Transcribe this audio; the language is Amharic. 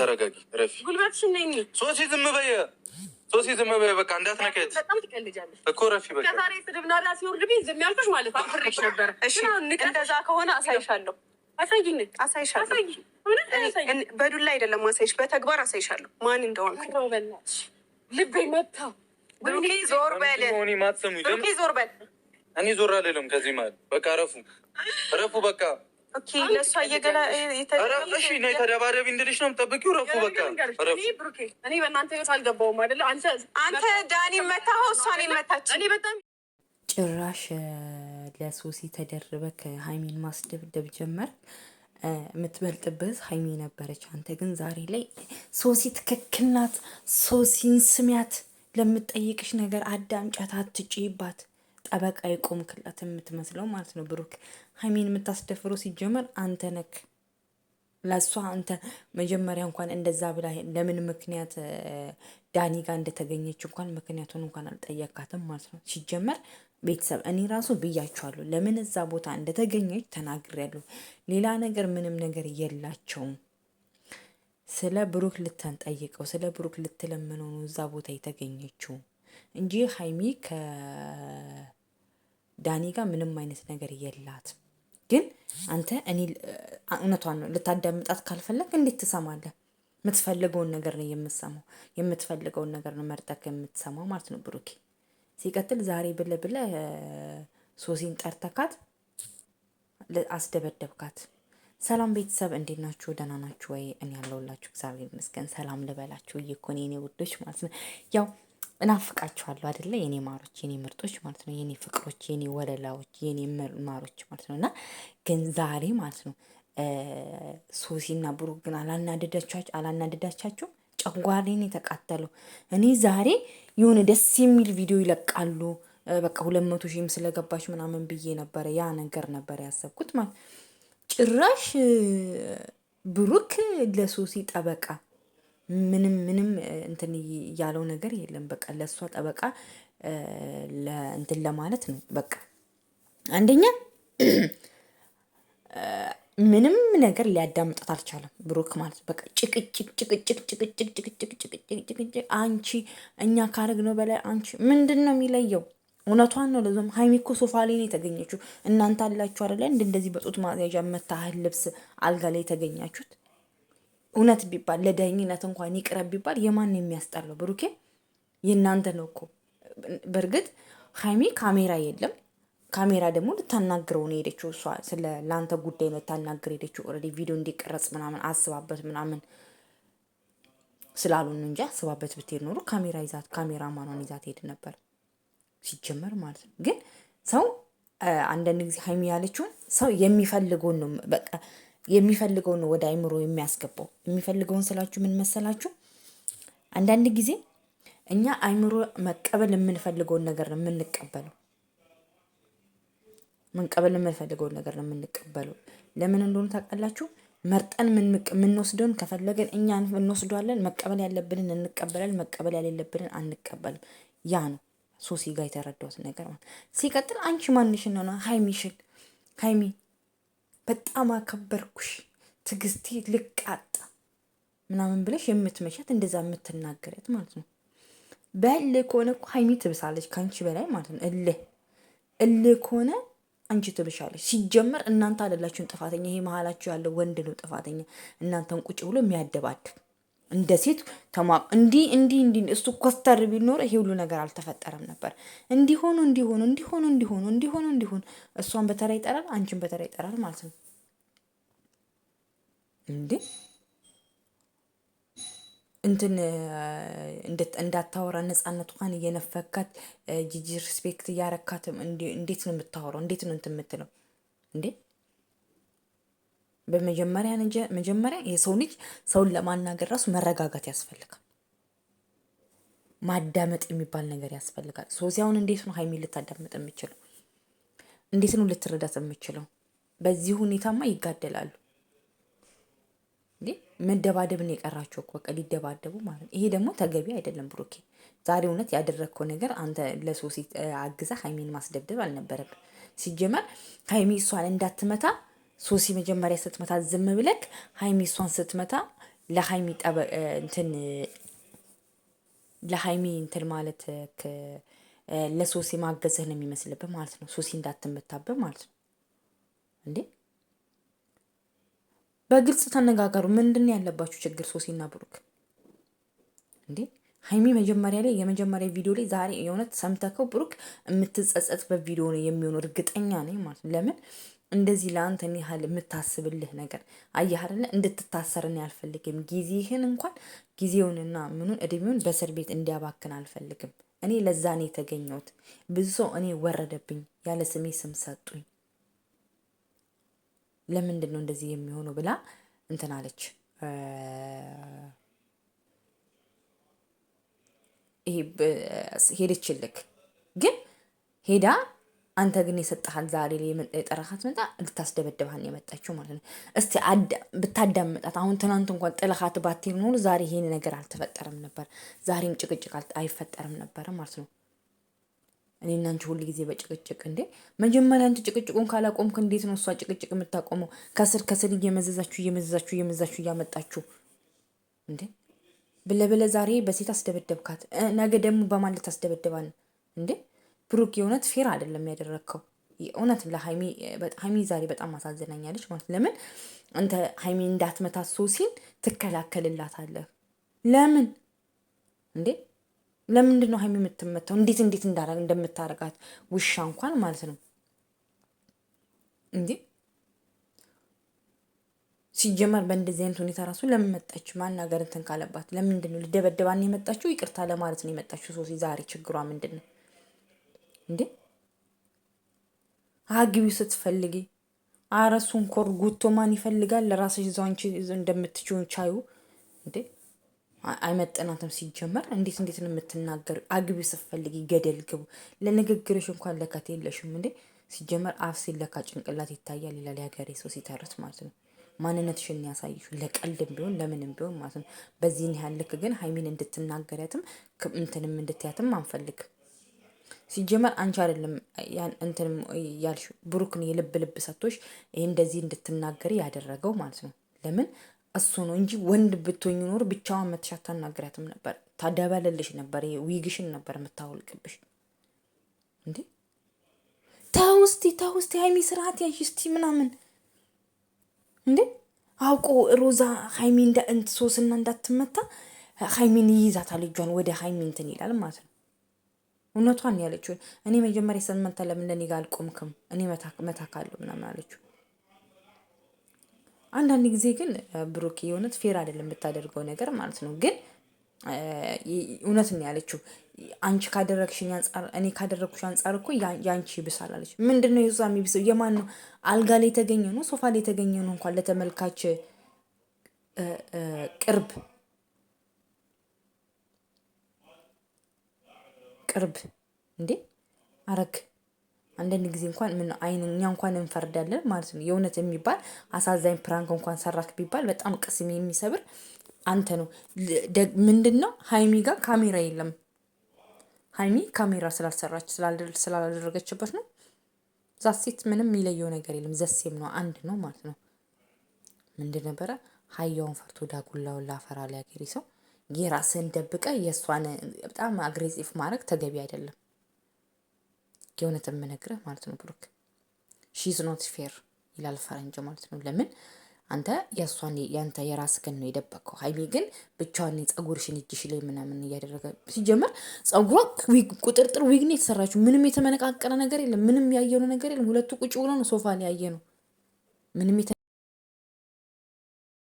ተረጋጊ፣ ረፊ ጉልበትሽን ነኝ። ሶሲ ዝም በይ፣ ሶሲ ዝም በይ፣ በቃ እንዳትነካት። በጣም ትቀልጃለሽ እኮ ረፊ። በቃ ከዛሬ ስድብ ናዳ ሲወርድብኝ ዝም ያልኩሽ ማለት አፍሬሽ ነበር። እሺ እንደዛ ከሆነ አሳይሻለሁ። አሳይኝ፣ አሳይሻለሁ። በዱላ አይደለም አሳይሽ፣ በተግባር አሳይሻለሁ ማን እንደሆነ። ልቤ መታ። ብሩኬ ዞር በል፣ ብሩኬ ዞር በል። እኔ ዞር አልልም ከዚህ ማለት በቃ ረፉ፣ ረፉ በቃ ለእሷ እየገና ረፍሽ እንድልሽ ነው የምጠብቂው። ረፉ በቃ እኔ በእናንተ ህይወት አይደለ? አንተ ዳኒ መታኸው፣ እሷን መታች። ጭራሽ ለሶሲ ተደርበ ከሀይሚን ማስደብደብ ጀመር። የምትበልጥበት ሀይሜ ነበረች። አንተ ግን ዛሬ ላይ ሶሲ ትክክል ናት፣ ሶሲን ስሚያት፣ ለምትጠይቅሽ ነገር አዳምጫት፣ አትጭይባት ጠበቃ የቆምክላት የምትመስለው ማለት ነው ብሩክ። ሀይሚን የምታስደፍረው ሲጀመር አንተ ነክ ለእሷ አንተ መጀመሪያ እንኳን እንደዛ ብላ ለምን ምክንያት ዳኒ ጋር እንደተገኘች እንኳን ምክንያቱን እንኳን አልጠየካትም ማለት ነው። ሲጀመር ቤተሰብ እኔ ራሱ ብያቸዋለሁ፣ ለምን እዛ ቦታ እንደተገኘች ተናግሬያለሁ። ሌላ ነገር ምንም ነገር የላቸውም። ስለ ብሩክ ልታንጠይቀው ስለ ብሩክ ልትለምነው ነው እዛ ቦታ የተገኘችው እንጂ ሀይሚ ከ ዳኒ ጋር ምንም አይነት ነገር የላት ግን አንተ እኔ እውነቷን ነው ልታዳምጣት ካልፈለግ እንዴት ትሰማለህ? የምትፈልገውን ነገር ነው የምትሰማው። የምትፈልገውን ነገር ነው መርጠክ የምትሰማው ማለት ነው ብሩኬ። ሲቀጥል ዛሬ ብለ ብለ ሶሲን ጠርተካት አስደበደብካት። ሰላም ቤተሰብ እንዴት ናችሁ? ደህና ናችሁ ወይ? እኔ ያለሁላችሁ እግዚአብሔር ይመስገን። ሰላም ልበላችሁ እየኮን የኔ ውዶች ማለት ነው ያው እናፍቃችኋለሁ አደለ? የኔ ማሮች፣ የኔ ምርጦች ማለት ነው። የኔ ፍቅሮች፣ የኔ ወለላዎች፣ የኔ ማሮች ማለት ነው። እና ግን ዛሬ ማለት ነው ሶሲና ብሩክ ግን አላናደዳችኋቸው አላናደዳቻቸው ጨጓሬን የተቃጠለው እኔ ዛሬ የሆነ ደስ የሚል ቪዲዮ ይለቃሉ በቃ ሁለት መቶ ሺህም ስለገባች ምናምን ብዬ ነበረ። ያ ነገር ነበረ ያሰብኩት ማለት ጭራሽ ብሩክ ለሶሲ ጠበቃ ምንም ምንም እንትን ያለው ነገር የለም። በቃ ለእሷ ጠበቃ እንትን ለማለት ነው። በቃ አንደኛ ምንም ነገር ሊያዳምጣት አልቻለም። ብሩክ ማለት በቃ ጭቅጭቅ አንቺ እኛ ካረግነው በላይ አንቺ ምንድን ነው የሚለየው? እውነቷን ነው። ለዞም ሀይሚ እኮ ሶፋ ላይ ነው የተገኘችው። እናንተ አላችሁ አይደለ እንደዚህ በጡት ማያዣ መታህል ልብስ አልጋ ላይ የተገኛችሁት እውነት ቢባል ለዳኝነት እንኳን ይቅረብ ቢባል የማን የሚያስጠላው? ብሩኬ የእናንተ ነው እኮ። በእርግጥ ሀይሚ ካሜራ የለም ካሜራ ደግሞ ልታናግረው ነው ሄደችው። እሷ ስለ ለአንተ ጉዳይ ነው ልታናግር ሄደችው። ኦልሬዲ ቪዲዮ እንዲቀረጽ ምናምን አስባበት ምናምን ስላሉን እንጂ አስባበት ብትሄድ ኖሮ ካሜራ ይዛት ካሜራ ማኗን ይዛት ሄድ ነበር ሲጀመር ማለት ነው። ግን ሰው አንዳንድ ጊዜ ሀይሚ ያለችውን ሰው የሚፈልገውን ነው በቃ የሚፈልገውን ወደ አይምሮ የሚያስገባው የሚፈልገውን ስላችሁ ምን መሰላችሁ? አንዳንድ ጊዜ እኛ አይምሮ መቀበል የምንፈልገውን ነገር ነው የምንቀበለው። መንቀበል የምንፈልገውን ነገር ነው የምንቀበለው። ለምን እንደሆነ ታውቃላችሁ? መርጠን የምንወስደውን ከፈለገን እኛ እንወስደዋለን። መቀበል ያለብንን እንቀበላል፣ መቀበል ያሌለብንን አንቀበልም። ያ ነው ሶሲ ጋር የተረዳሁት ነገር። ሲቀጥል አንቺ ማንሽን ነው ሀይሚሽን ሀይሚ በጣም አከበርኩሽ፣ ትግስቴ ልቃጣ ምናምን ብለሽ የምትመቻት እንደዛ የምትናገረት ማለት ነው። በእልህ ከሆነ እኮ ሀይሚ ትብሳለች ከአንቺ በላይ ማለት ነው። እልህ እልህ ከሆነ አንቺ ትብሻለች። ሲጀመር እናንተ አደላችሁን ጥፋተኛ፣ ይሄ መሀላችሁ ያለው ወንድ ነው ጥፋተኛ፣ እናንተን ቁጭ ብሎ የሚያደባድብ እንደ ሴት ተማ እንዲህ እንዲህ እንዲህ እሱ ኮስተር ቢኖር ይሄ ሁሉ ነገር አልተፈጠረም ነበር። እንዲሆኑ እንዲሆኑ እንዲሆኑ እንዲሆኑ እንዲሆኑ እንዲሆኑ እሷን በተራ ይጠራል፣ አንቺን በተራ ይጠራል ማለት ነው እንዴ እንትን እንዳታወራ ነፃነቷን እየነፈካት ጂጂ ሪስፔክት እያረካትም እንዴት ነው የምታወራው? እንዴት ነው እንትን የምትለው እንዴ? በመጀመሪያ መጀመሪያ የሰው ልጅ ሰውን ለማናገር ራሱ መረጋጋት ያስፈልጋል። ማዳመጥ የሚባል ነገር ያስፈልጋል። ሶሲያውን እንዴት ነው ሀይሚ ልታዳምጥ የምችለው? እንዴት ነው ልትረዳት የምችለው? በዚህ ሁኔታማ ይጋደላሉ። መደባደብ ነው የቀራቸው እኮ በቃ ሊደባደቡ ማለት ነው። ይሄ ደግሞ ተገቢ አይደለም። ብሩኬ ዛሬ እውነት ያደረግከው ነገር አንተ ለሶሴት አግዛ ሀይሜን ማስደብደብ አልነበረብ። ሲጀመር ሀይሜ እሷን እንዳትመታ ሶሲ መጀመሪያ ስትመታ ዝም ብለክ ሀይሚ እሷን ስትመታ ለሀይሚ እንትን ለሀይሚ እንትን ማለት ለሶሲ ማገዝህ ነው የሚመስልብህ ማለት ነው። ሶሲ እንዳትመታብህ ማለት ነው። እንዴ በግልጽ ተነጋገሩ። ምንድን ነው ያለባችሁ ችግር ሶሲና ብሩክ? እንዴ ሀይሚ መጀመሪያ ላይ የመጀመሪያ ቪዲዮ ላይ ዛሬ የእውነት ሰምተከው ብሩክ የምትጸጸትበት በቪዲዮ ነው የሚሆኑ እርግጠኛ ነኝ ማለት ነው። ለምን እንደዚህ ለአንተ እኔ ያህል የምታስብልህ ነገር አየህ እንድትታሰርን አልፈልግም። ጊዜህን እንኳን ጊዜውንና ምኑን እድሜውን በእስር ቤት እንዲያባክን አልፈልግም። እኔ ለዛ ነው የተገኘሁት። ብዙ ሰው እኔ ወረደብኝ፣ ያለ ስሜ ስም ሰጡኝ። ለምንድን ነው እንደዚህ የሚሆኑ ብላ እንትን አለች። ይሄ ሄደችልክ ግን ሄዳ አንተ ግን የሰጠሃት ዛሬ የጠረካት መጣ ልታስደበድባን የመጣችው ማለት ነው። እስቲ ብታዳምጣት። አሁን ትናንት እንኳን ጥለካት ባትሄድ ኖሮ ዛሬ ይሄን ነገር አልተፈጠረም ነበር። ዛሬም ጭቅጭቅ አይፈጠርም ነበር ማለት ነው። እኔ እናንቺ ሁል ጊዜ በጭቅጭቅ እንዴ! መጀመሪያ አንቺ ጭቅጭቁን ካላቆምክ እንዴት ነው እሷ ጭቅጭቅ የምታቆመው? ከስር ከስር እየመዘዛችሁ እየመዘዛችሁ እየመዘዛችሁ እያመጣችሁ እንዴ! ብለብለ ዛሬ በሴት አስደበደብካት፣ ነገ ደግሞ በማለት ልታስደበድባን እንዴ! ብሩክ የእውነት ፌር አይደለም ያደረግከው። የእውነት ለሀይሚ ሀይሚ ዛሬ በጣም አሳዝናኛለች ማለት ለምን አንተ ሀይሚ እንዳትመታት ሶሲን ትከላከልላታለህ? ለምን እንዴ ለምንድን ነው ሀይሚ የምትመታው? እንዴት እንዴት እንደምታረጋት ውሻ እንኳን ማለት ነው እንዴ ሲጀመር በእንደዚህ አይነት ሁኔታ ራሱ ለምን መጣች? ማናገር እንትን ካለባት ለምንድን ነው ልደበደባን የመጣችው? ይቅርታ ለማለት ነው የመጣችው። ሶሲ ዛሬ ችግሯ ምንድን ነው? እንዴ አግቢ ስትፈልጊ አረሱን ኮር ጉቶ ማን ይፈልጋል? ለራስሽ እዛው አንቺ እንደምትችይው ቻዩ እንዴ አይመጠናትም። ሲጀመር እንዴት እንዴት ነው የምትናገር? አግቢ ስትፈልጊ ገደል ግቡ። ለንግግርሽ እንኳን ለካት የለሽም እንዴ ሲጀመር አፍ ሲለካ ጭንቅላት ይታያል ይላል የሀገሬ ሰው ሲተርት ማለት ነው። ማንነትሽን ያሳይሽ ለቀልድም ቢሆን ለምንም ቢሆን ማለት ነው። በዚህን ያህል ልክ ግን ሀይሚን እንድትናገሪያትም እንትንም እንድትያትም አንፈልግም። ሲጀመር አንቺ አይደለም እንትን ያልሽ ብሩክን የልብ ልብ ሰቶች ይህ እንደዚህ እንድትናገር ያደረገው ማለት ነው። ለምን እሱ ነው እንጂ ወንድ ብትኝ ኖር ብቻዋን መተሽ አታናግሪያትም ነበር። ታደበልልሽ ነበር፣ ዊግሽን ነበር የምታወልቅብሽ። እንዴ ተው እስቲ ተው እስቲ ሀይሚ ስርዓት ያዥ እስቲ ምናምን እንዴ አውቆ ሮዛ ሀይሚ ሶስና እንዳትመታ ሀይሚን ይይዛታል፣ እጇን ወደ ሀይሚ እንትን ይላል ማለት ነው። እውነቷን ያለችው እኔ መጀመሪያ ሰንመንታ ለምን ለኔ ጋር አልቆምክም? እኔ መታካለሁ ምናምን አለችው። አንዳንድ ጊዜ ግን ብሩኬ የእውነት ፌር አይደለም የምታደርገው ነገር ማለት ነው። ግን እውነት ነው ያለችው። አንቺ ካደረግሽኝ አንጻር እኔ ካደረግኩሽ አንጻር እኮ የአንቺ ይብሳል አለች። ምንድን ነው የሷ የሚብሰው? የማን ነው? አልጋ ላይ የተገኘ ነው ሶፋ ላይ የተገኘ ነው እንኳን ለተመልካች ቅርብ ቅርብ እንዴ አረክ አንዳንድ ጊዜ እንኳን ምን አይን እኛ እንኳን እንፈርዳለን ማለት ነው። የእውነት የሚባል አሳዛኝ ፕራንክ እንኳን ሰራክ ቢባል በጣም ቅስም የሚሰብር አንተ ነው። ምንድን ነው ሀይሚ ጋር ካሜራ የለም። ሀይሚ ካሜራ ስላልሰራች ስላላደረገችበት ነው። ዛ ምንም የሚለየው ነገር የለም። ዘሴም ነው አንድ ነው ማለት ነው። ምንድን ነበረ ሀያውን ፈርቶ ዳጉላውን ላፈራ ሊያገሪ ሰው የራስህን ደብቀ የእሷን በጣም አግሬሲቭ ማድረግ ተገቢ አይደለም። የእውነት የምነግርህ ማለት ነው ብሩክ ሺዝ ኖት ፌር ይላል ፈረንጅ ማለት ነው። ለምን አንተ የእሷን ያንተ የራስህን ነው የደበቀው። ሀይሚ ግን ብቻዋን ጸጉርሽን እጅሽ ላይ ምናምን እያደረገ ሲጀመር ጸጉሯ ቁጥርጥር ዊግ ነው የተሰራችው። ምንም የተመነቃቀረ ነገር የለም። ምንም ያየነው ነገር የለም። ሁለቱ ቁጭ ብሎ ነው ሶፋ ላይ ያየ ነው ምንም